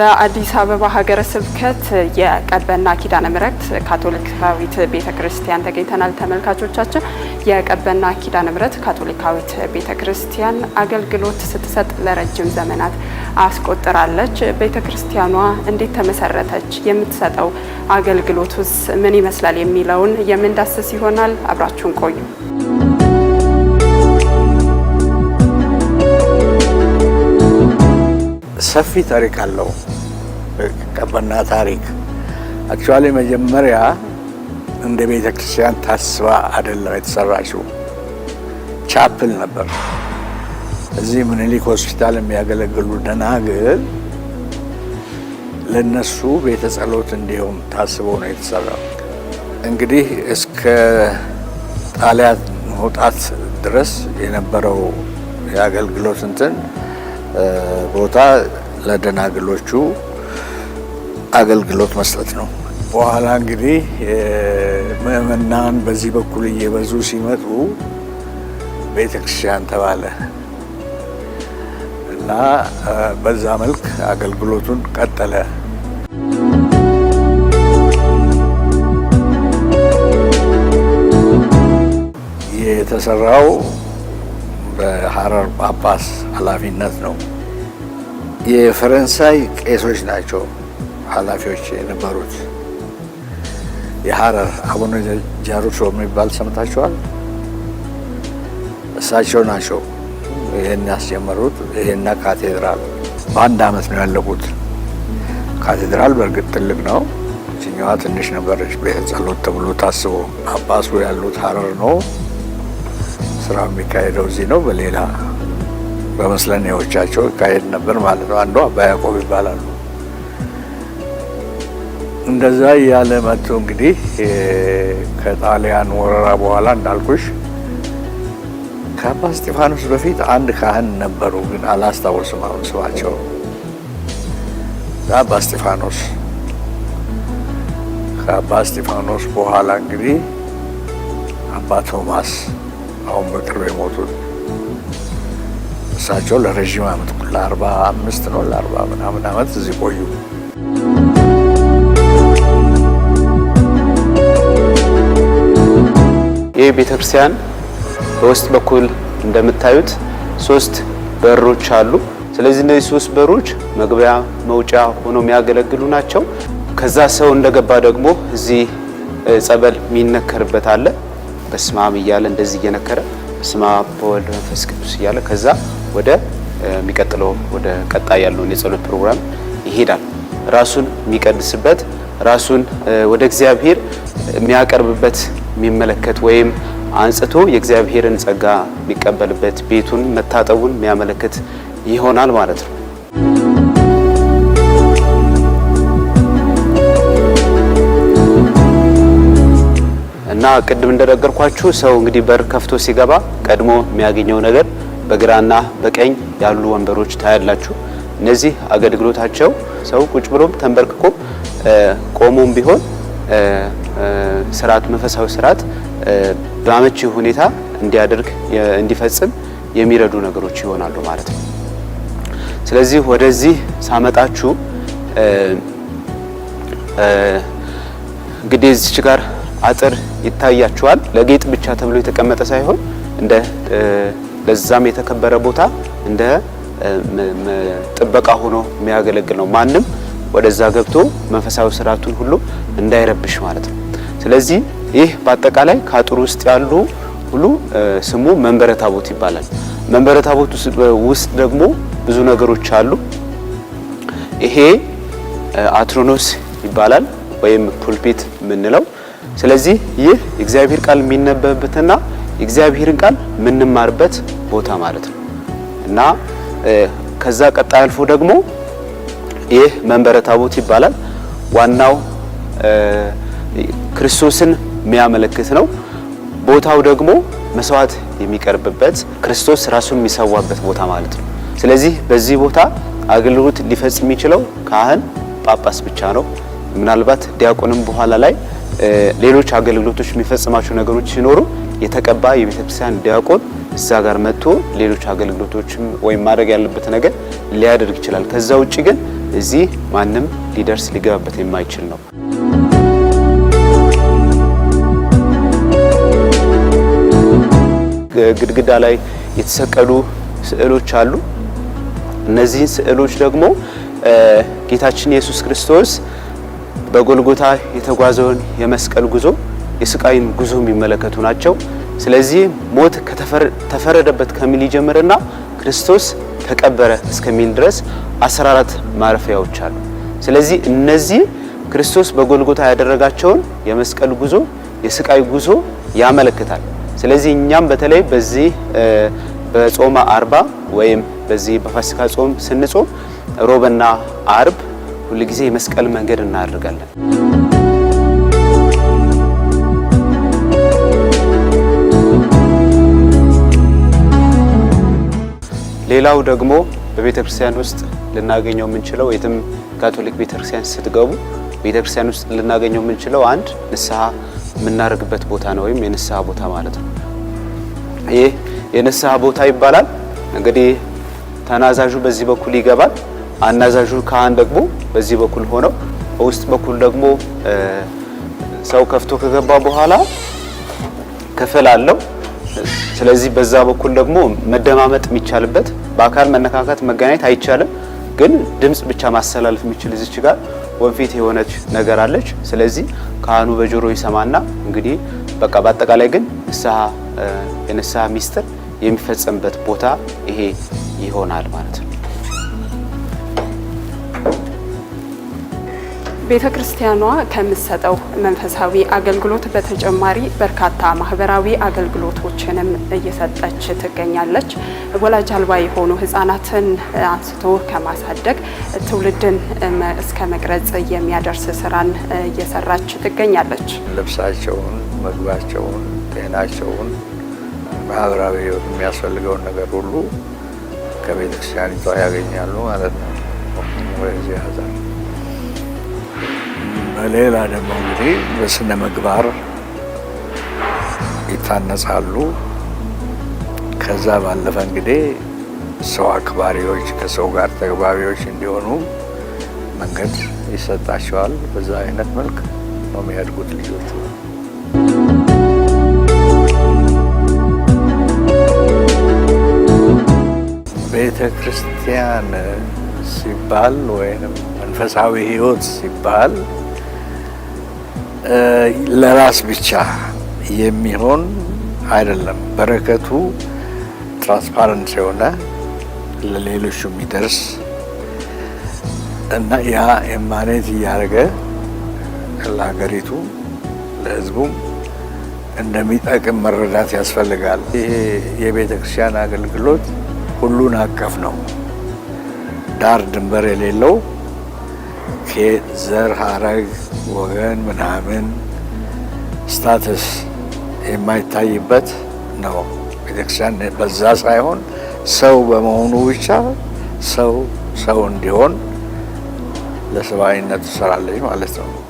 በአዲስ አበባ ሀገረ ስብከት የቀበና ኪዳነ ምሕረት ካቶሊካዊት ቤተ ክርስቲያን ተገኝተናል። ተመልካቾቻችን የቀበና ኪዳነ ምሕረት ካቶሊካዊት ቤተ ክርስቲያን አገልግሎት ስትሰጥ ለረጅም ዘመናት አስቆጥራለች። ቤተ ክርስቲያኗ እንዴት ተመሰረተች፣ የምትሰጠው አገልግሎቱስ ምን ይመስላል የሚለውን የምንዳስስ ይሆናል። አብራችሁን ቆዩ። ሰፊ ታሪክ አለው። ቀበና ታሪክ አክቹዋሊ መጀመሪያ እንደ ቤተ ክርስቲያን ታስባ አይደለም የተሰራችው፣ ቻፕል ነበር። እዚህ ምኒልክ ሆስፒታል የሚያገለግሉ ደናግል ለነሱ ቤተ ጸሎት እንዲሁም ታስቦ ነው የተሰራው። እንግዲህ እስከ ጣሊያን መውጣት ድረስ የነበረው የአገልግሎት እንትን ቦታ ለደናግሎቹ አገልግሎት መስጠት ነው። በኋላ እንግዲህ ምእምናን በዚህ በኩል እየበዙ ሲመጡ ቤተክርስቲያን ተባለ እና በዛ መልክ አገልግሎቱን ቀጠለ። የተሰራው በሐረር ጳጳስ ኃላፊነት ነው። የፈረንሳይ ቄሶች ናቸው ኃላፊዎች የነበሩት የሀረር አቡነ ጃሩሶ የሚባል ሰምታችኋል። እሳቸው ናቸው ይህን ያስጀመሩት። ይህና ካቴድራል በአንድ ዓመት ነው ያለቁት። ካቴድራል በእርግጥ ትልቅ ነው፣ ችኛዋ ትንሽ ነበረች። ቤተ ጸሎት ተብሎ ታስቦ አባሱ ያሉት ሀረር ነው። ስራ የሚካሄደው እዚህ ነው። በሌላ በመስለኔዎቻቸው ይካሄድ ነበር ማለት ነው። አንዷ አባ ያዕቆብ ይባላሉ። እንደዛ እያለ መጥቶ እንግዲህ ከጣሊያን ወረራ በኋላ እንዳልኩሽ ከአባ እስጢፋኖስ በፊት አንድ ካህን ነበሩ፣ ግን አላስታውስም አሁን ስማቸው። አባ እስጢፋኖስ ከአባ እስጢፋኖስ በኋላ እንግዲህ አባ ቶማስ አሁን በቅርብ የሞቱት እሳቸው ለረዥም ዓመት ለአርባ አምስት ነው ለአርባ ምናምን ዓመት እዚህ ቆዩ። ቤተ ቤተክርስቲያን በውስጥ በኩል እንደምታዩት ሶስት በሮች አሉ። ስለዚህ እነዚህ ሶስት በሮች መግቢያ መውጫ ሆነው የሚያገለግሉ ናቸው። ከዛ ሰው እንደገባ ደግሞ እዚህ ጸበል የሚነከርበት አለ። በስማም እያለ እንደዚህ እየነከረ በስማ በወልድ መንፈስ ቅዱስ እያለ ከዛ ወደ የሚቀጥለው ወደ ቀጣይ ያለውን የጸሎት ፕሮግራም ይሄዳል። ራሱን የሚቀድስበት ራሱን ወደ እግዚአብሔር የሚያቀርብበት የሚመለከት ወይም አንጽቶ የእግዚአብሔርን ጸጋ የሚቀበልበት ቤቱን መታጠቡን የሚያመለክት ይሆናል ማለት ነው። እና ቅድም እንደነገርኳችሁ ሰው እንግዲህ በር ከፍቶ ሲገባ ቀድሞ የሚያገኘው ነገር በግራና በቀኝ ያሉ ወንበሮች ታያላችሁ። እነዚህ አገልግሎታቸው ሰው ቁጭ ብሎም ተንበርክኮ ቆሞም ቢሆን ስርዓት መንፈሳዊ ስርዓት በአመቺ ሁኔታ እንዲያደርግ እንዲፈጽም የሚረዱ ነገሮች ይሆናሉ ማለት ነው። ስለዚህ ወደዚህ ሳመጣችሁ እንግዲህ እዚች ጋር አጥር ይታያችኋል። ለጌጥ ብቻ ተብሎ የተቀመጠ ሳይሆን እንደ ለዛም የተከበረ ቦታ እንደ ጥበቃ ሆኖ የሚያገለግል ነው። ማንም ወደዛ ገብቶ መንፈሳዊ ስርዓቱን ሁሉ እንዳይረብሽ ማለት ነው። ስለዚህ ይህ በአጠቃላይ ከአጥሩ ውስጥ ያሉ ሁሉ ስሙ መንበረ ታቦት ይባላል። መንበረ ታቦት ውስጥ ደግሞ ብዙ ነገሮች አሉ። ይሄ አትሮኖስ ይባላል ወይም ፑልፒት የምንለው። ስለዚህ ይህ እግዚአብሔር ቃል የሚነበብበትና እግዚአብሔርን ቃል የምንማርበት ቦታ ማለት ነው እና ከዛ ቀጣይ አልፎ ደግሞ ይህ መንበረ ታቦት ይባላል። ዋናው ክርስቶስን የሚያመለክት ነው። ቦታው ደግሞ መስዋዕት የሚቀርብበት ክርስቶስ ራሱን የሚሰዋበት ቦታ ማለት ነው። ስለዚህ በዚህ ቦታ አገልግሎት ሊፈጽም የሚችለው ካህን፣ ጳጳስ ብቻ ነው። ምናልባት ዲያቆንም በኋላ ላይ ሌሎች አገልግሎቶች የሚፈጽማቸው ነገሮች ሲኖሩ የተቀባ የቤተክርስቲያን ዲያቆን እዛ ጋር መጥቶ ሌሎች አገልግሎቶችም ወይም ማድረግ ያለበት ነገር ሊያደርግ ይችላል። ከዛ ውጭ ግን እዚህ ማንም ሊደርስ ሊገባበት የማይችል ነው። ግድግዳ ላይ የተሰቀሉ ስዕሎች አሉ። እነዚህን ስዕሎች ደግሞ ጌታችን ኢየሱስ ክርስቶስ በጎልጎታ የተጓዘውን የመስቀል ጉዞ የስቃይን ጉዞ የሚመለከቱ ናቸው። ስለዚህ ሞት ከተፈረደበት ከሚል ይጀምርና ክርስቶስ ተቀበረ እስከሚል ድረስ 14 ማረፊያዎች አሉ። ስለዚህ እነዚህ ክርስቶስ በጎልጎታ ያደረጋቸውን የመስቀል ጉዞ፣ የስቃይ ጉዞ ያመለክታል። ስለዚህ እኛም በተለይ በዚህ በጾመ አርባ ወይም በዚህ በፋሲካ ጾም ስንጾም ሮብና አርብ ሁልጊዜ የመስቀል መንገድ እናደርጋለን። ሌላው ደግሞ በቤተ ክርስቲያን ውስጥ ልናገኘው የምንችለው የትም ካቶሊክ ቤተ ክርስቲያን ስትገቡ ቤተ ክርስቲያን ውስጥ ልናገኘው የምንችለው አንድ ንስሐ የምናደርግበት ቦታ ነው፣ ወይም የንስሐ ቦታ ማለት ነው። ይህ የንስሐ ቦታ ይባላል። እንግዲህ ተናዛዡ በዚህ በኩል ይገባል፣ አናዛዡ ካህን ደግሞ በዚህ በኩል ሆነው በውስጥ በኩል ደግሞ ሰው ከፍቶ ከገባ በኋላ ክፍል አለው። ስለዚህ በዛ በኩል ደግሞ መደማመጥ የሚቻልበት በአካል መነካካት መገናኘት አይቻልም፣ ግን ድምፅ ብቻ ማስተላለፍ የሚችል እዚች ጋር ወንፊት የሆነች ነገር አለች። ስለዚህ ካህኑ በጆሮ ይሰማና እንግዲህ በቃ በአጠቃላይ ግን ንስሐ የንስሐ ሚስጥር የሚፈጸምበት ቦታ ይሄ ይሆናል ማለት ነው። ቤተ ክርስቲያኗ ከምትሰጠው መንፈሳዊ አገልግሎት በተጨማሪ በርካታ ማህበራዊ አገልግሎቶችንም እየሰጠች ትገኛለች። ወላጅ አልባ የሆኑ ህጻናትን አንስቶ ከማሳደግ ትውልድን እስከ መቅረጽ የሚያደርስ ስራን እየሰራች ትገኛለች። ልብሳቸውን፣ ምግባቸውን፣ ጤናቸውን፣ ማህበራዊ የሚያስፈልገውን ነገር ሁሉ ከቤተክርስቲያኒቷ ያገኛሉ ማለት ነው። ሌላ ደግሞ እንግዲህ በስነ ምግባር ይታነጻሉ። ከዛ ባለፈ እንግዲህ ሰው አክባሪዎች፣ ከሰው ጋር ተግባቢዎች እንዲሆኑ መንገድ ይሰጣቸዋል። በዛ አይነት መልክ ነው የሚያድጉት ልጆቹ። ቤተ ክርስቲያን ሲባል ወይም መንፈሳዊ ሕይወት ሲባል ለራስ ብቻ የሚሆን አይደለም። በረከቱ ትራንስፓረንት የሆነ ለሌሎቹ የሚደርስ እና ያ የማኔት እያደረገ ለሀገሪቱ ለህዝቡም እንደሚጠቅም መረዳት ያስፈልጋል። ይሄ የቤተ ክርስቲያን አገልግሎት ሁሉን አቀፍ ነው፣ ዳር ድንበር የሌለው ኬት ዘር ሀረግ ወገን ምናምን ስታትስ የማይታይበት ነው። ቤተክርስቲያን በዛ ሳይሆን ሰው በመሆኑ ብቻ ሰው ሰው እንዲሆን ለሰብአዊነት ትሰራለች ማለት ነው።